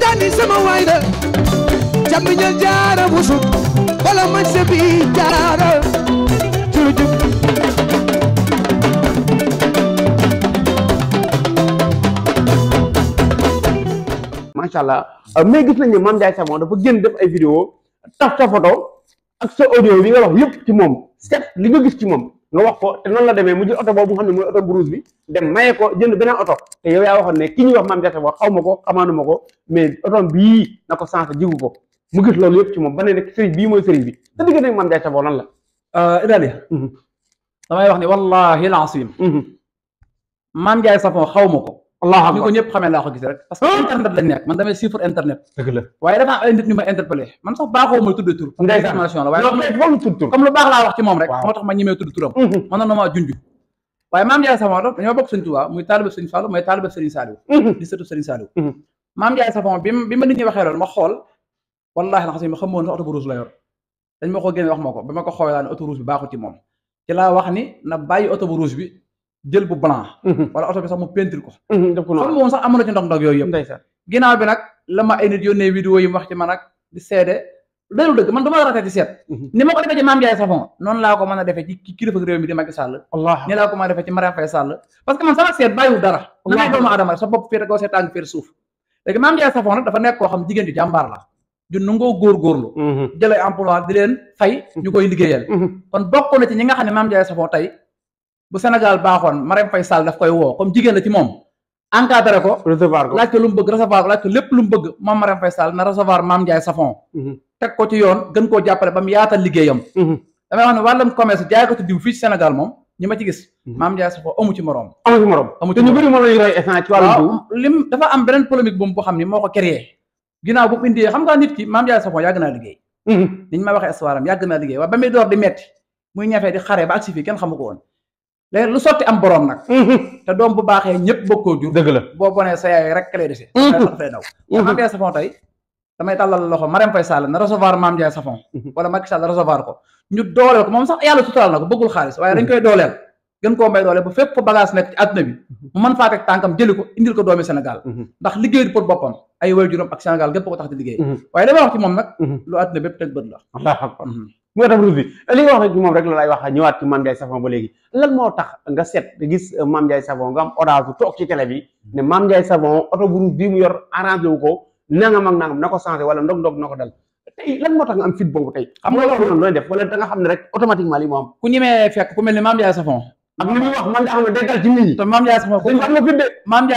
dani sama waay da jamiñal jaara busuk wala ma sebi jaara jurujub macha allah euh, mais gis nañ ne Mame Ndiaye Savon dafa génn def ay vidéo taf sa photo audio bi nga wax yëpp ci moom seet li nga gis ci moom nga wax ko te noonu la demee mu jël oto boobu nga xam ne oto brousse bi dem maye ko jënd beneen oto te yow yaa waxoon ne ki ñuy wax maam jaata boo xaw ma ko xamaanu ma ko mais oto bii na ko sens jigu ko mu gis loolu yëpp ci moom ba ne nag sëriñ bii mooy sëriñ bi te digg nañ maam jaata boo lan la. Euh, Idaali. Mhm. damay wax ne wallaahi laasim. maam mhm. jaay safon xaw ma ko. Allah ni ko ñëpp xamee laa ko gisee rek parce que ah! internet lañ nekk man damay suivre internet waaye dafa am ñu ma interpellé man sax baaxoo mooy tudd tur information lu baax laa wax ci moom rek moo tax ma ñemee tudd turam mhm. man na maa junj waaye maam Ndiaye Savon dañoo bokk sëñ Tuubaa muy taalibe sëñ sëriñ Saliou mhm. mhm. maam Ndiaye Savon bi bi ma nit ñi waxee loolu ma xool wallaahi la xasi ma xamoon sax autoroute la yor dañ ma ko génne wax ma ko ba ma ko xoolaane autoroute bi baaxul ci moom ci jël bu blanc. Mhm. wala oto bi sax mu peinture ko. Mhm, def ko noonu sax amuloo ci ndox ndox yooyu yëpp. bi nag la ma ay nit yónnee vidéo yi mu wax ci man ak di seede loolu dëgg man dama rata di seet. Mhm. ni ma ko defee ci Mame Ndiaye Savon noonu laa ko mën a defee ci kilifa réew mi di Macky Sall. wallaahi ni laa ko mën a defee ci Mariam Faye Sall. parce que man sama seet bàyyiwul dara. wallaahi nan lay doomu aadama rek dafa nekk koo xam jigéen ju jàmbaar la ju nangoo góorgóorlu jëlee bu Sénégal baaxoon Marème Faye Sall daf koy woo comme jigéen la ci moom encadré ko ko laaj ko lu mu bëgg recevoir laaj ko lépp lu mu bëgg moom Marème Faye Sall na recevoir Mame Ndiaye Savon mm-hmm. teg ko ci yoon gën koo jàppale ba mu yaatal liggéeyam mm-hmm. damay wax ne fii ci Sénégal ma ci gis mm-hmm. Mame Ndiaye Savon amu ci morom amu ci dafa am beneen polémique bu mu boo xam ni moo ko créé ginnaaw bu mu indee xam nga nit ki Mame Ndiaye Savon yàgg naa liggéey niñ ma waxee histoire yàgg naa liggéey waaye ba muy door di metti muy ñafee di ko woon léegi lu sotti am borom nag. Mhm. te doom bu baaxee ñëpp bokkoo jur. boo bonee sa yaay rek lay dese. da ngay fay daw. Mame mhm. Ndiaye Savon tey damay tàllal loxo na mhm. ko ñu dooleel ko moom sax yàlla suturaal na ko bëggul xaalis waaye dañ koy dooleel. gën koo may doole ba fépp bagage nekk ci àdduna bi mu mën faa teg tànkam jëli ko indil ko doomi Sénégal ndax liggéey pour boppam ay waajuram ak Sénégal gépp ko tax di liggéey waaye dama wax ci moom nag lu àdduna bépp teg moo tax ruus bi li nga wax rek moom rek la lay wax ñëwaat ci Mame Ndiaye Savon ba léegi lan moo tax nga seet gis euh, Mame Ndiaye Savon am audace bu toog ci télé bi ne Mame Ndiaye Savon oto bu ko na ko changé na ko dal am fit da nga xam ne rek automatiquement li moo am ku ñemee am nga de Mame Ndiaye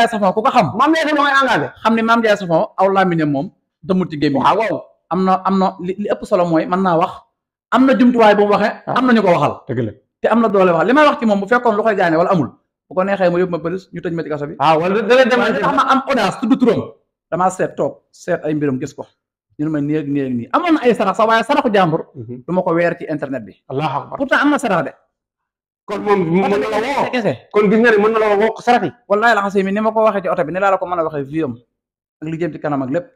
Savon ku ko xam Mame Ndiaye Savon ngay engagé xam ne Mame Ndiaye Savon aw laa mi ne moom demul ci gémmiñ waaw am na am na li ëpp solo mooy mën naa wax am na jumtuwaay bu mu waxee ah. am na ñu ko waxal dëgg te am na doole wax li may wax ci moom bu fekkoon lu koy gaane amul bu ko neexee ma yóbbu ma bëris ñu tëj ma ci kaso bi ah, waaw damaa seet toog seet ay mbiram gis ko ñu ma néeg néeg nii amoon na ay sarax sax waaye saraxu jàmbur mhm. du ma ko weer ci internet bi allahu akbar pourtant am na sarax de kon moom mën na la ne mën na la ko yi wallaahi mi ni ma ko waxee ci oto bi ni laa la ko mën a waxee viom ak li jëm ci kanam ak lépp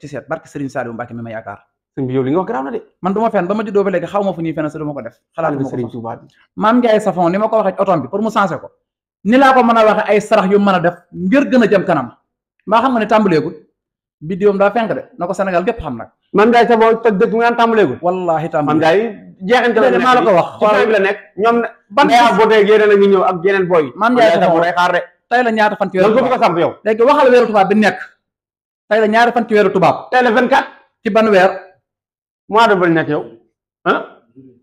ma yaakaar sëñ bi yow li nga wax garaaw na de man du ma fen ba ma juddoo ba léegi xaw ma fu ñuy fen sa du ma ko def xalaat ma sëriñ Tuubaa bi maam Njaay Safon ni ma ko waxee otom bi pour mu sensé ko ni laa ko mën a waxee ay sarax yu mën a def ngir gën a jëm kanam maa Njaay Safon tëj dëgg nga naan la maa la ko wax xoolal bi la nekk a Njaay Safon day xaar de tey la ñaata fan ci weeru tubaab ko la ñaari ci ban weer mois de bañ nekk yow ah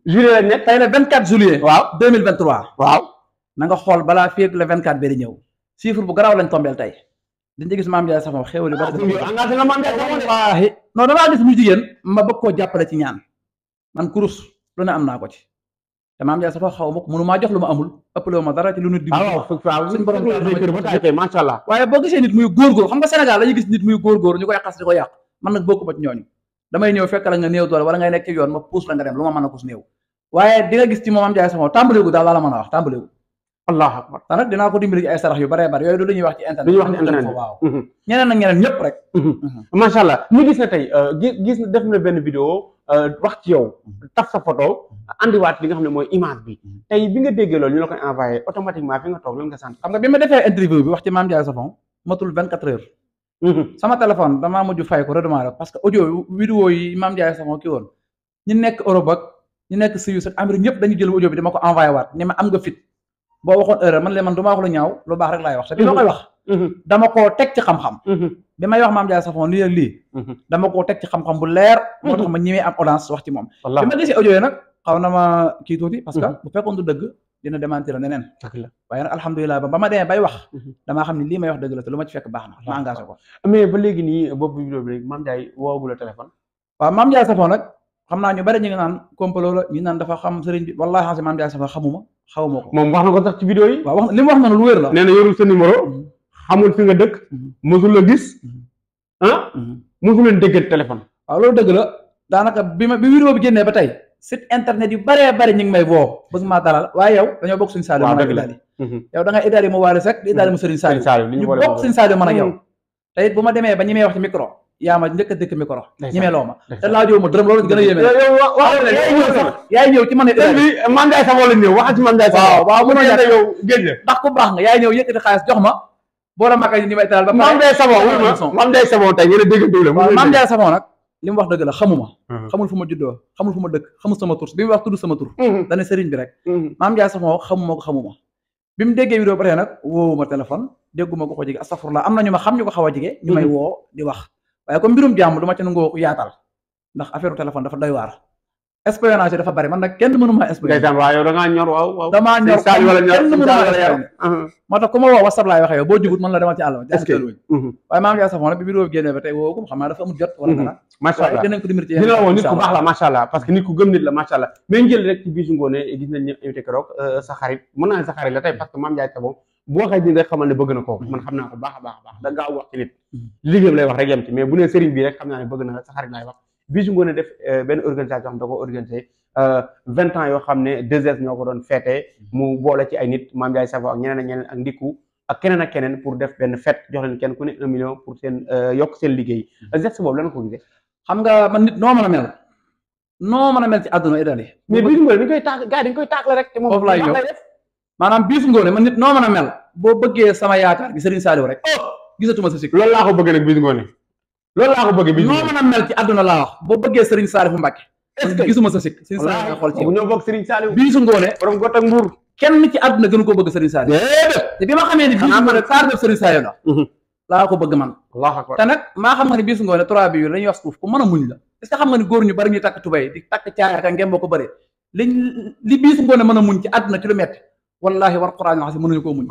juillet lañ nekk tey la 24 juillet waaw 2023 waaw na nga xool balaa féeg le 24 bi di ñëw chiffre bu garaw lañ tombeel tey dañu gis maam Ndiaye Savon xéwal yu bari ah, wallaahi non damaa gis ñu jigéen ma bëgg koo jàppale ci ñaan man kurus lu ne am naa ko ci te maam Ndiaye Savon xaw ma maa jox lu ma amul ëppalewu ma dara ci lu nit di ah, suñ masha Allah waaye boo gisee nit muy góorgóor xam nga Sénégal lañu gis nit muy góorgóor ñu koy xas di ko yàq man nag bokku ma ci ñooñu damay ñëw fekk la nga néew doole wala ngay nekk ci yoon ma puus la nga dem lu ma mën a kus néew waaye di nga gis ci moom am jaay sama tàmbaleegu daal a tey euh, gis na def na benn vidéo euh, wax ci yow taf sa photo andiwaat li nga xam ne mhm. xam nga bi ma defee interview bi wax ci Mame Ndiaye Savon matul vingt quatre heures Mhm. sama téléphone damaa mujj fay ko redémarrer parce que audio vidéo yi Mame Ndiaye Sakho kii woon ñu nekk Europe ak ñu nekk Suisse ñëpp dañu jël audio bi dama ko envoyé waat ni ma am nga fit boo waxoon erreur man koo teg ci xam-xam mhm. bi may wax Mame Ndiaye Sakho mhm. koo teg ci xam bu leer moo ma ñëwee audience wax ci moom bi ma gisee audio yi nag xaw na ma kii tuuti parce que bu fekkoon du dëgg dina démentir neneen waaye nag alhamdulilah ba ba ma demee bay wax mhm. damaa xam ne lii may wax dëgg la te lu ma ci fekk baax na ma engagé ko mais ba léegi nii boobu vidéo bi léegi Mame Ndiaye woogu la téléphone waaw Mame Ndiaye Savon nag xam naa ñu bari ñu naan complot naan dafa xam sëriñ bi wallahi xam si Mame Ndiaye Savon xamuma xawuma ko moom wax na ko sax ci vidéo yi waaw wax li mu wax noonu lu wér la nee na sa numéro mhm. xamul fi nga dëkk mhm. mosul la gis ah mosul leen dégg téléphone waaw loolu dëgg la daanaka bi ma bi vidéo bi génnee ba tey site internet yu bëree bëri ñu ngi may woo bëgg maa dalal waaye yow dañoo bokk suñu Saliou man a Idaly mhm. yow da ngay Idaly mu Wally Seck di mhm. Idaly mu Serigne Saliou ñu bokk suñu Saliou man ak yow mhm. te bu ma demee ba ñi may wax ci micro yaa ma njëkk a dëkk micro ñi may loo ma te laajoo ma dërëm loolu gën a yéeme yaay ñëw ci man ne man Ndiaye Savon la ñëw waxal ci man Ndiaye Savon ma boo la tey ngeen a dégg dëgg la man Ndiaye Savon nag li wax dëgg la xamuma xamul fu ma juddoo xamul fu ma dëkk xamul sama tur bi mu wax tudd sama tur dana sëriñ bi rek maam Ndiaye sax ma wax xamuma ko xamuma bi mu déggee vidéo ba tey nag woowuma téléphone dégguma ko ko jege astafurlah am na ñu ma xam ñu ko xaw a jege ñu may woo di wax waaye comme mbirum jàmm du ma ca nangoo yaatal ndax affaire téléphone dafa doy waar espionnage dafa bari man nag kenn mënu ma espionné ñor waaw waaw damaa ñor ma espionné ku ma woo whatsapp laay waxee yow boo jubut la demal ci àll ba mhm. waaye sa fon rek bi vidéo bi génnee ba tey woo ko xam naa dafa bëgg na ko mhm. man xam naa ko baax a baax a baax da wax ci nit mhm. liggéeyam lay wax rek yem ci mais bu nee sëriñ bii rek xam naa ne bëgg na sa xarit laay wax bisu ngoone def euh, benn organisation da euh, yoo xam ne deux heures ñoo doon feetee mu boole ci ay nit maam Ndiaye Savon ak ñeneen ak ñeneen ak ndikku benn fête jox kenn ku ne un million pour seen euh, yokk seen liggéey hmm. geste boobu lan ko gisee. xam nga man nit noo mën a mel noo mën a mel ci àdduna Idda Ly. mais bisu ngoone dañ koy taak gars dañ koy taak la rek. te moom foofu laay ñëw noo mën a mel boo bëggee sama yaakaar gi Serigne Saliou rek. Oh! gisatuma sa sikk loolu laa ko bëgg nag bisu ngoone loolu laa ko bëgg bi ñoo mën a mel ci àdduna laa wax boo bëggee Serigne Salifou Mbacké est-ce que gisuma sa sikk Serigne Salifou nga xool ci ñoo bokk Serigne Salifou bii su ngoone borom got ak mbuur kenn ci àdduna gënu ko bëgg Serigne Salifou te bi ma xamee ne bii su ngoone saar def Serigne Salifou la mhm. laa ko bëgg man te nag maa xam nga ne bii su ngoone trois bi yu la ñuy wax suuf ku mën a muñ la est-ce que xam nga ne góor ñu bari ñuy takk tubay di takk caayaka ngeen boo ko bëri li li bii su ngoone mën a muñ ci àdduna ci lu metti wallahi war quraan nga xam mënuñu koo muñ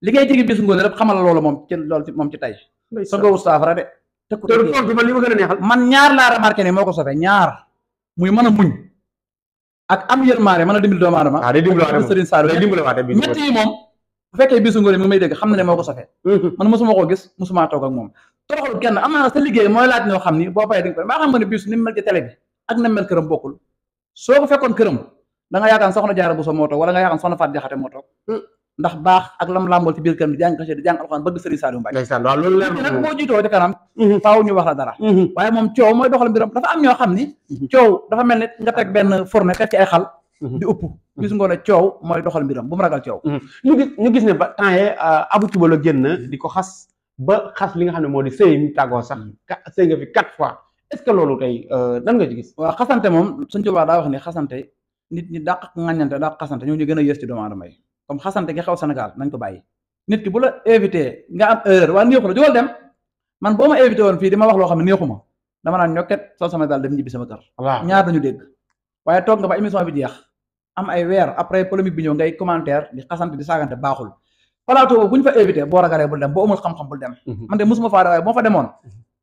li ngay jege bii su ngoone rek xamal loolu moom ci loolu moom ci tay sa nga wut saafara de te tontu man li ma gën a neexal. man ñaar laa remarqué ne moo ko sofee ñaar muy mën a muñ ak am yërmaande mën a dimbali doomu aadama. Ah, waaw yi moom bu fekkee bisu ngóor mi ngi may dégg xam na ne moo ko sofee. Mm-hmm. man mosuma koo gis mosuma toog ak moom. toroxlu kenn am naa sa liggéey mooy laaj ñoo xam ni boo fayee di nga xam nga ne bisu ni mel ci télé bi ak na këram bokkul soo ko fekkoon këram da nga yaakaar soxna jaara bu so moo toog wala nga yaakaar soxna faat jaxate moo toog mm. ndax baax ak lam làmbool ci biir kër mi jàng kase di jàng alxuraan bëgg sëriñ Saliou Mbaye nag moo jiitoo ci kanam mhm. faaw ñu wax la dara mhm. waaye moom coow mooy doxal mbiram dafa am ñoo xam ni mhm. coow dafa mel ne nga teg benn fourne teg ci ay xal di upp gis nga mooy doxal mbiram bu mu ragal coow gis ñu gis ne ba temps yee euh, Abou Touba la di ko xas ba xas li nga xam ne moo di sëy mi tàggoo sax sëy nga fi quatre fois est que loolu tey euh, nan nga ci gis waaw xasante moom suñ Touba daa wax ni xasante nit ñi dàq ngañante dàq xasante ñoo ñu gën a yées ci doomu aadama yi comme xasante gi xaw Sénégal nañ ko bàyyi nit ki bu la invité nga am erreur waa néexu la jógal dem man boo ma invité woon fii di ma wax loo xam ne néexuma dama naan ñokket soo sama daal dem ñibbi sama kër ñaar dañu dégg waaye toog nga ba émission bi jeex am ay weer après polémique bi ñëw ngay commentaire di xasante di saagante baaxul plateau bu ñu fa invité boo ragalee bul dem boo amul xam-xam bul dem mhm. man de mosuma faa waaye boo fa demoon mhm.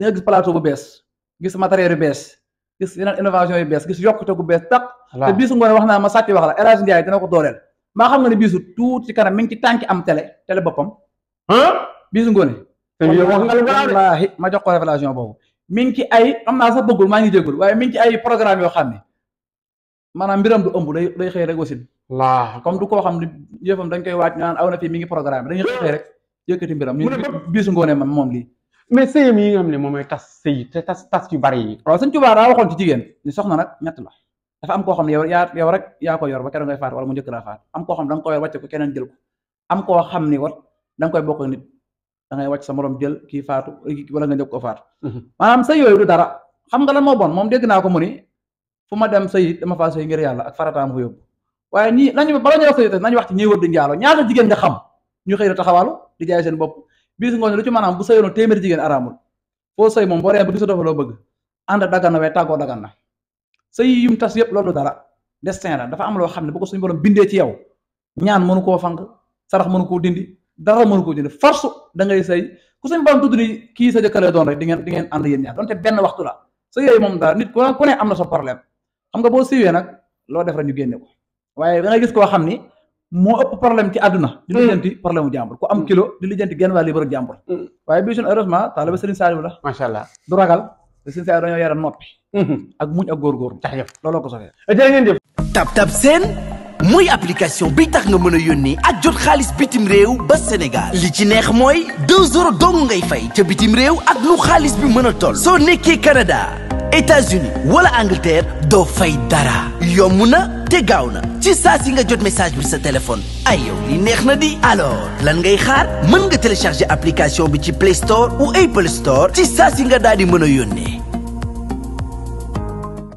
da nga gis plateau bu bees gis matériel yu bees gis yeneen innovation yu bees gis yokkute gu bees taq te biisu ngoone wax naa ma sàcc wax la El Hadj Ndiaye dina ko dooleel maa xam nga ne biisu tuuti ci kanam mi ngi ci tànki am télé télé boppam biisu ngoone wallaahi ma jox ko révélation boobu mi ngi ci ay am naa sax bëggul maa ngi jéggul waaye mi ngi ci ay programme yoo xam ne maanaam mbiram du ëmb day day xëy rek wasin waaw comme du koo xam ni yëfam dañ koy waaj naan aw na fii mi ngi programme dañuy xëy rek yëkkati mbiram ñu biisu man moom lii mais sëyam yi nga xam ne moom mooy tas sëy te tas tas yu bari yi waaw sëñ Tuubaa daa waxoon ci jigéen ni soxna nag ñett la dafa am koo xam ne yow rek yaa ko yor ba keroog ngay faat wala mu am koo xam sa morom jël kii faatu wala nga njëkk ko faatu mm-hmm. du dara xam nga lan moo bon moom dégg naa ko mu ni fu ma dem sëy dama faa sëy ngir yàlla ak farataam ko yóbbu waaye ñii nañu bala wax sëy nañu wax ci ñiy wër di njaalo ñaata jigéen nga xam ñu xëy na taxawaalu di jaay seen bopp biis ngooñ lu ci maanaam bu sëyoon téeméeri jigéen araamul foo sëy moom boo ree ba gisatoo fa loo bëgg ànd dagan na waaye tàggoo dagan na sëy yum tas yëpp loolu dara destin la dafa am loo xam ne bu ko suñu borom bindee ci yow ñaan mënu koo fànq sarax mënu koo dindi dara mënu koo dindi force da ngay sëy ku suñu borom tudd ni kii sa jëkkale doon rek di ngeen di ngeen ànd yéen ñaar donte benn waxtu la sëy yooyu moom dara nit ku ne am na sa problème xam loo def rek ñu ko waaye moo ëpp problème ci adduna di hmm. lijjanti problème u jàmbur ku am hmm. kilo di lijjanti genn waa libre ak jàmbur hmm. waaye bii suñu heureusement taaliba Serigne Saliou la macha allah du ragal te Serigne Saliou dañoo yara ko sofee eh, jërë ngeen jëf tab tab seen mooy application bi tax nga mën a yónnee ak jot xaalis bitim réew ba Sénégal li ci neex mooy deux euros dong ngay fay ca bitim réew ak lu xaalis bi mën a toll soo nekkee Canada États-Unis wala Angleterre doo fay dara yomb na te gaaw na ci saa si nga jot message bi sa téléphone ay yow li neex na di alors lan ngay xaar mën nga télécharger application bi ci Play Store ou Apple Store ci saa si nga daal di mën a yónnee.